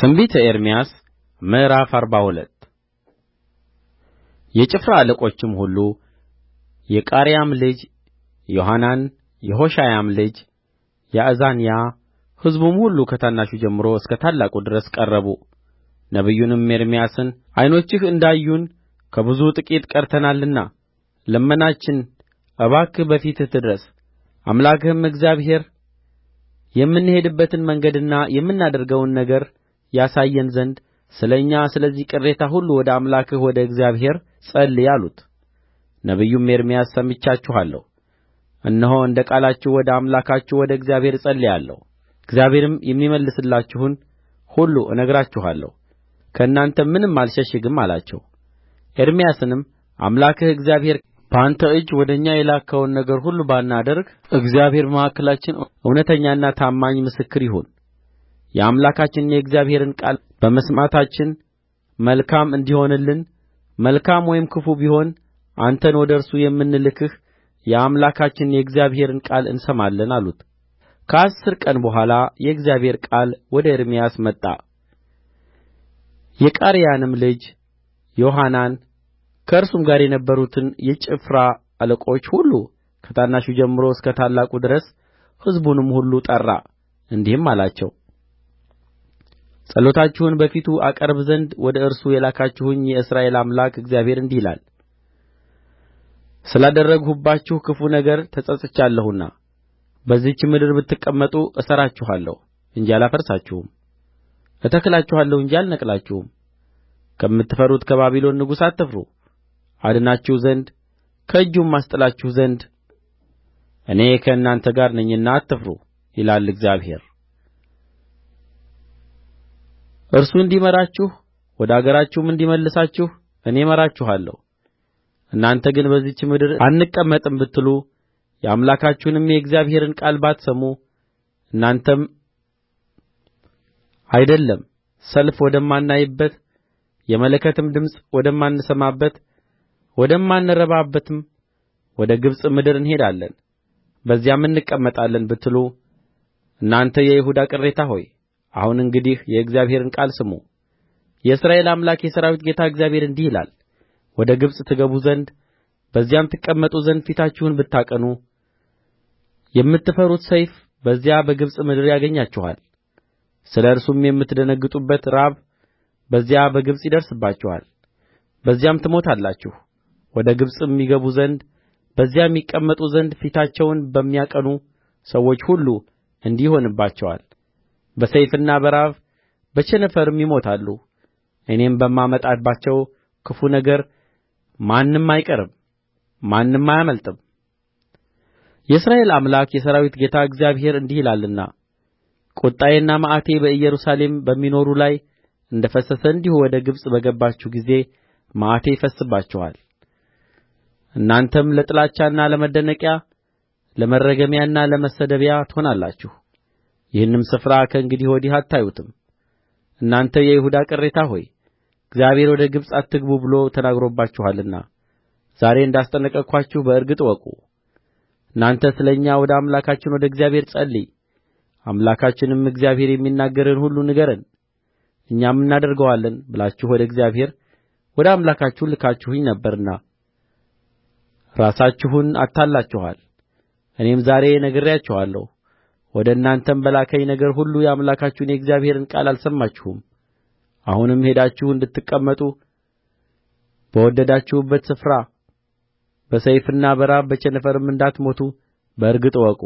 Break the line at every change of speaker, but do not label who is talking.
ትንቢተ ኤርምያስ ምዕራፍ አርባ ሁለት የጭፍራ አለቆችም ሁሉ የቃሬያም ልጅ ዮሐናን የሆሻያም ልጅ ያእዛንያ ሕዝቡም ሁሉ ከታናሹ ጀምሮ እስከ ታላቁ ድረስ ቀረቡ። ነቢዩንም ኤርምያስን ዓይኖችህ እንዳዩን ከብዙ ጥቂት ቀርተናልና ልመናችን እባክህ በፊትህ ትድረስ፣ አምላክህም እግዚአብሔር የምንሄድበትን መንገድና የምናደርገውን ነገር ያሳየን ዘንድ ስለ እኛ ስለዚህ ቅሬታ ሁሉ ወደ አምላክህ ወደ እግዚአብሔር ጸልይ አሉት ነቢዩም ኤርምያስ ሰምቻችኋለሁ እነሆ እንደ ቃላችሁ ወደ አምላካችሁ ወደ እግዚአብሔር እጸልያለሁ እግዚአብሔርም የሚመልስላችሁን ሁሉ እነግራችኋለሁ ከእናንተም ምንም አልሸሽግም አላቸው ኤርምያስንም አምላክህ እግዚአብሔር በአንተ እጅ ወደ እኛ የላከውን ነገር ሁሉ ባናደርግ እግዚአብሔር በመካከላችን እውነተኛና ታማኝ ምስክር ይሁን የአምላካችንን የእግዚአብሔርን ቃል በመስማታችን መልካም እንዲሆንልን መልካም ወይም ክፉ ቢሆን አንተን ወደ እርሱ የምንልክህ የአምላካችንን የእግዚአብሔርን ቃል እንሰማለን አሉት ከአሥር ቀን በኋላ የእግዚአብሔር ቃል ወደ ኤርምያስ መጣ የቃሬያንም ልጅ ዮሐናን ከእርሱም ጋር የነበሩትን የጭፍራ አለቆች ሁሉ ከታናሹ ጀምሮ እስከ ታላቁ ድረስ ሕዝቡንም ሁሉ ጠራ እንዲህም አላቸው ጸሎታችሁን በፊቱ አቀርብ ዘንድ ወደ እርሱ የላካችሁኝ የእስራኤል አምላክ እግዚአብሔር እንዲህ ይላል ስላደረግሁባችሁ ክፉ ነገር ተጸጽቻለሁና በዚህች ምድር ብትቀመጡ እሠራችኋለሁ እንጂ አላፈርሳችሁም እተክላችኋለሁ እንጂ አልነቅላችሁም ከምትፈሩት ከባቢሎን ንጉሥ አትፍሩ አድናችሁ ዘንድ ከእጁም አስጥላችሁ ዘንድ እኔ ከእናንተ ጋር ነኝና አትፍሩ ይላል እግዚአብሔር እርሱ እንዲመራችሁ ወደ አገራችሁም እንዲመልሳችሁ እኔ እምራችኋለሁ እናንተ ግን በዚህች ምድር አንቀመጥም ብትሉ የአምላካችሁንም የእግዚአብሔርን ቃል ባትሰሙ እናንተም አይደለም ሰልፍ ወደማናይበት የመለከትም ድምፅ ወደማንሰማበት ወደማንረባበትም ወደ ግብጽ ምድር እንሄዳለን በዚያም እንቀመጣለን ብትሉ እናንተ የይሁዳ ቅሬታ ሆይ አሁን እንግዲህ የእግዚአብሔርን ቃል ስሙ የእስራኤል አምላክ የሠራዊት ጌታ እግዚአብሔር እንዲህ ይላል ወደ ግብጽ ትገቡ ዘንድ በዚያም ትቀመጡ ዘንድ ፊታችሁን ብታቀኑ የምትፈሩት ሰይፍ በዚያ በግብጽ ምድር ያገኛችኋል ስለ እርሱም የምትደነግጡበት ራብ በዚያ በግብጽ ይደርስባችኋል በዚያም ትሞታላችሁ ወደ ግብጽም ይገቡ ዘንድ በዚያም ይቀመጡ ዘንድ ፊታቸውን በሚያቀኑ ሰዎች ሁሉ እንዲህ ይሆንባቸዋል በሰይፍና በራብ በቸነፈርም ይሞታሉ እኔም በማመጣባቸው ክፉ ነገር ማንም አይቀርም ማንም አያመልጥም የእስራኤል አምላክ የሠራዊት ጌታ እግዚአብሔር እንዲህ ይላልና ቍጣዬና መዓቴ በኢየሩሳሌም በሚኖሩ ላይ እንደ ፈሰሰ እንዲሁ ወደ ግብጽ በገባችሁ ጊዜ መዓቴ ይፈስስባችኋል እናንተም ለጥላቻና ለመደነቂያ ለመረገሚያና ለመሰደቢያ ትሆናላችሁ ይህንም ስፍራ ከእንግዲህ ወዲህ አታዩትም እናንተ የይሁዳ ቅሬታ ሆይ እግዚአብሔር ወደ ግብጽ አትግቡ ብሎ ተናግሮባችኋልና ዛሬ እንዳስጠነቀቅኋችሁ በእርግጥ እወቁ እናንተ ስለ እኛ ወደ አምላካችን ወደ እግዚአብሔር ጸልይ አምላካችንም እግዚአብሔር የሚናገርን ሁሉ ንገረን እኛም እናደርገዋለን ብላችሁ ወደ እግዚአብሔር ወደ አምላካችሁ ልካችሁኝ ነበርና ራሳችሁን አታልላችኋል እኔም ዛሬ ነግሬአችኋለሁ ወደ እናንተም በላከኝ ነገር ሁሉ የአምላካችሁን የእግዚአብሔርን ቃል አልሰማችሁም አሁንም ሄዳችሁ እንድትቀመጡ በወደዳችሁበት ስፍራ በሰይፍና በራብ በቸነፈርም እንዳትሞቱ በእርግጥ እወቁ